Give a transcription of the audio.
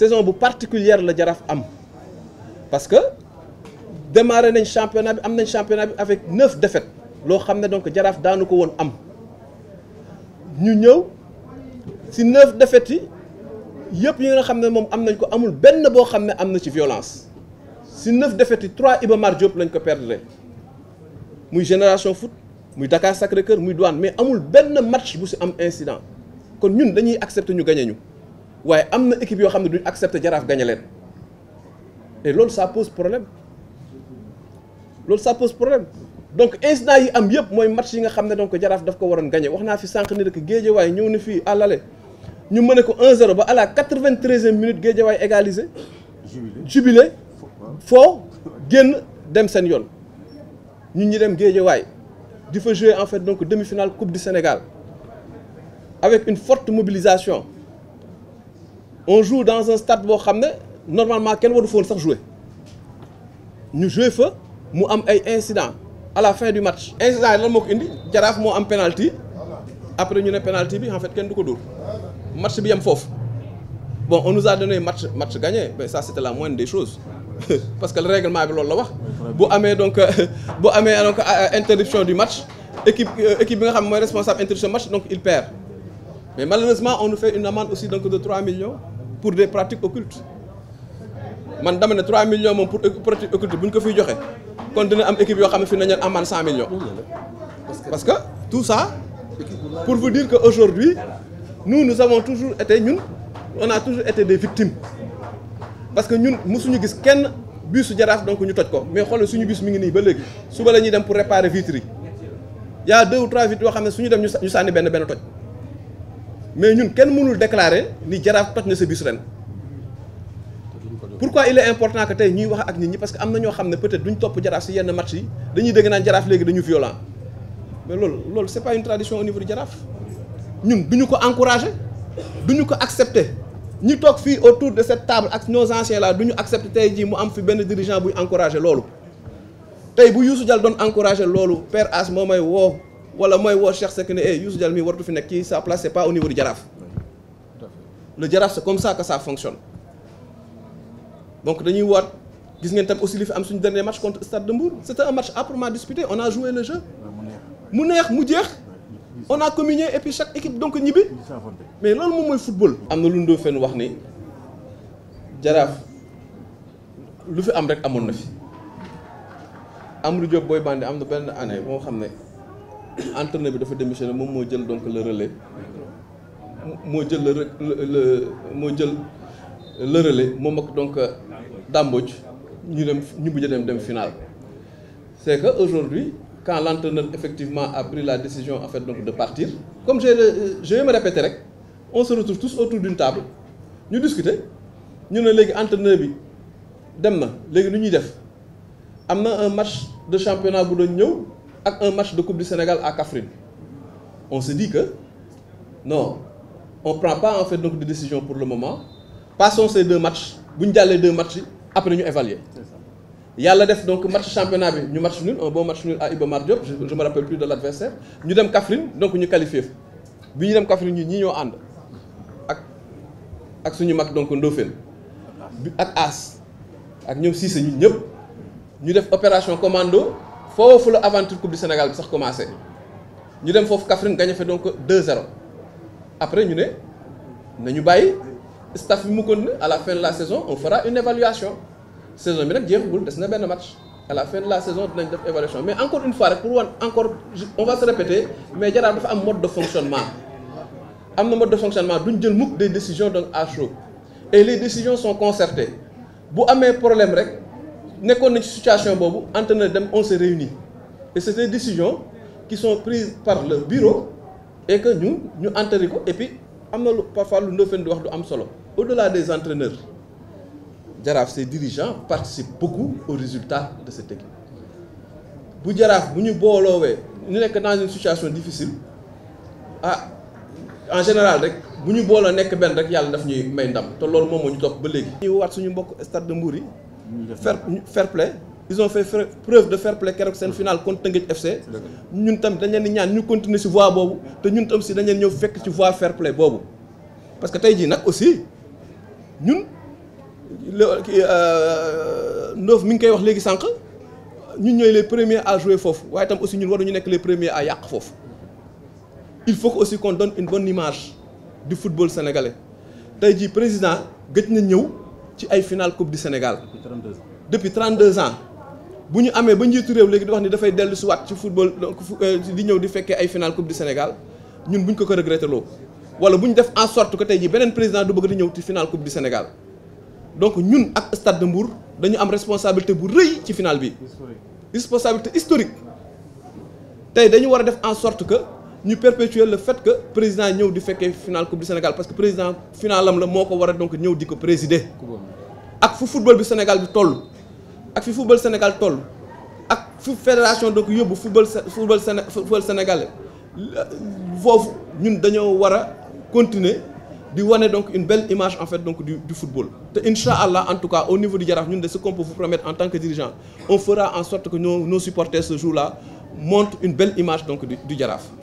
saison bu particulière la jaraaf am parce que démarré nañ championnat bi am nañ championnat bi avec neuf défaites loo xam ne donc jaraaf daanu ko woon am ñu ñëw ci neuf défaites yi yëpp yi nga xam ne moom am nañ ko amul benn boo xam ne am na ci violence ci neuf defet yi trois Iba Mar Diop lañ ko perdre muy génération foot muy dakaar sacré kër muy douane mais amul benn match bu si am incident kon ñun dañuy accepter ñu gagné ñu waaye am na équipe yoo xam ne duñ accepter jaraaf gagné leen et loolu ça pose problème loolu ça pose problème donc incident yi am yëpp mooy match yi nga xam ne donc jaraaf daf ko waroon gañe wax naa fi sànq ni rek waaye ñëw na fi àllale ñu mën ko 1-0 ba à la 93e minute géejewaay égalisé. jubilé foo génn dem seen yoon ñun ñi dem géejewaay. di fa jouer en fait donc demi-finale Coupe du Sénégal avec une forte mobilisation on jour dans un stade boo xam ne normalement kenn waru foon sax jouer ñu jouer fa mu am ay incidents à la fin du match. incidents yi lan moo ko indi jaraaf moo am penalty après ñu ne penalty bi en fait kenn du ko dóor match bi yam foofu bon on nous a donné match match gagné mais ça c'était la moindre des choses. parce que le règlement bi loolu la wax bu amee donc bu amee donc euh, interruption du match équipe euh, équipe bi nga xam mooy responsable interruption match donc il perd mais malheureusement on nous fait une amende aussi donc de 3 millions pour des pratiques occultes man dama ne 3 millions moom pour pratique occulte bu ñu ko fiy joxe kon dina am équipe yoo xam ne fi nañu amende 100 millions parce que tout ça pour vous dire que aujourd'hui nous nous avons toujours été ñun on a toujours été des parce que ñun mësuñu gis kenn busu jaraaf donc ñu toj ko mais xoolal suñu bus mu ngi nii ba léegi suba la ñuy dem pour réparer vitres yi y trois vitres yoo xam ne suñu dem ñu sànni benn benn toj mais ñun kenn mënul déclarer ni jaraaf toj na sa bus ren pourquoi il est important que tey ñuy wax ak nit ñi parce que am na ñoo xam ne peut-être duñ topp jaraaf si yenn match yi dañuy dégg naan jaraaf léegi dañu violent mais lool loolu c'est pas une tradition au du jaraaf ñun duñu ko encourager ko accepter ñi toog fii autour de cette table ak nos anciens là du ñu accepté tey jii mu am fi benn dirigeant buy encouragé loolu tey bu Youssou Dial doon encouragé loolu per As moo may woo wala mooy woo Cheikh Seck ne eh Youssou Dial mi wartu fi nekk kii sa place c'est pas au niveau du Jaraaf le Jaraaf c'est comme ça que ça fonctionne donc dañuy waat gis ngeen tam aussi li fi am suñ dernier match contre Stade de Mbour c'était un match âprement disputé on a joué mu neex mu jeex on a communié et puis chaque équipe donc ñibbi mais loolu moom mooy football. am na lu Ndofène wax ni jaraaf lu fi am rek amoon na fi Amadou Diop booy Bandé am na benn année moo xam ne entraîneur bi dafa démissionné moom moo jël donc le moo jël le jël le moom ak donc Dambodj ñu dem ñu mujj dem dem final c'est que aujourd'hui quand l'entraîneur effectivement a pris la décision en fait donc de partir comme je euh, je vais me répéter rek on se retrouve tous autour d'une ñu discuter ñu ne léegi entraîneur bi dem na léegi nu ñuy def am na un match de championnat bu doon ñëw ak un match de coupe du Sénégal à Kaffrine on se dit que non on prend pas en fait donc de décision pour le moment passons ces deux matchs bu ñu jàllee deux matchs yi après ñu évaluer yàlla def donc match championnat bi ñu match nul un bon match nul a Iba Mar Diop je plus de l' ñu dem Kaffrine donc ñu qualifié bi ñu dem Kaffrine ñi ñii ñoo ànd ak ak suñu mag donc Ndofène ak As ak ñoom Cissé ñun ñëpp ñu def opération commando foofu la aventure coupe du Sénégal bi sax commencé ñu dem foofu Kaffrine gagné fa donc 2-0 après ñu ne nañu bàyyi staff bi mu kon à la fin de la saison on fera une évaluation saison bi nag jeexagul des na benn match à la fin la saison dinañ def évaluation mais encore une fois rek pour wan encore on va se répéter mais Jaraaf dafa am mode de fonctionnement am na mode de fonctionnement duñ jël mukk des décisions donc à chaud et les décisions sont concertées bu amee problème rek nekkoon na ci situation boobu entraîneur dem on se réunit et c'est des décisions qui sont prises par le bureau et que ñu ñu entéré ko et am na lu parfois lu Ndofène di wax du am solo au-delà des entraîneurs Jaraaf ses dirigeants participent beaucoup aux résultats de bu Jaraaf bu ñu booloowee ñu nekk dans une situation difficile ah en général rek bu ñu booloo nekk benn rek yàlla daf ñuy may ndam te loolu moom moo ñu topp ba léegi. ñu waat suñu mbokk stade de Mbour yi. fair fair play ils ont fait preuve de fair play keroog seen finale contre Teungueth FC. ñun tam dañ leen di ñaan ñu continuer si voie boobu te ñun tam si dañ leen ñëw fekk ci voie fair play boobu parce que tey jii nag Euh, Ndof mi ngi koy wax léegi sànq ñun ñooy les premiers à jouer foofu waaye tam aussi ñun waruñu nekk lee premiers à yàq foofu il faut que aussi qu'on donne une bonne image di football sénégalais tey jii président gëj na ñëw ci ay finale coupe du Sénégal. depuis 32 ans bu ñu amee ba njiitu réew léegi di wax ni dafay dellu si waat ci football donc euh, di ñëw di fekkee ay finale coupe du Sénégal ñun bu ñu ko ko regretté loo wala bu ñu def en sorte que tey jii beneen président ñëw ci finale coupe du Sénégal. donc ñun ak Stade de Mbour dañu am responsabilité bu rëy ci final bi responsabilité historique tey dañu war a def en sorte que ñu perpétuer le fait que président ñëw di fekkee final coupe du Sénégal parce que président finalam la moo ko war a donc ñëw di ko présider ak fu football bi Sénégal bi toll ak fi football Sénégal toll ak fu fédération donc yóbbu football football Sénégal foofu ñun dañoo war a continuer di wane donc une belle image en fait donc du, du football te incha allah en tout cas au niveau du Jaraaf ñun de ce qu'on peut vous en tant que dirigeant on fera en sorte que nos nos ce jour-là montrent une belle image donc du du Jaraaf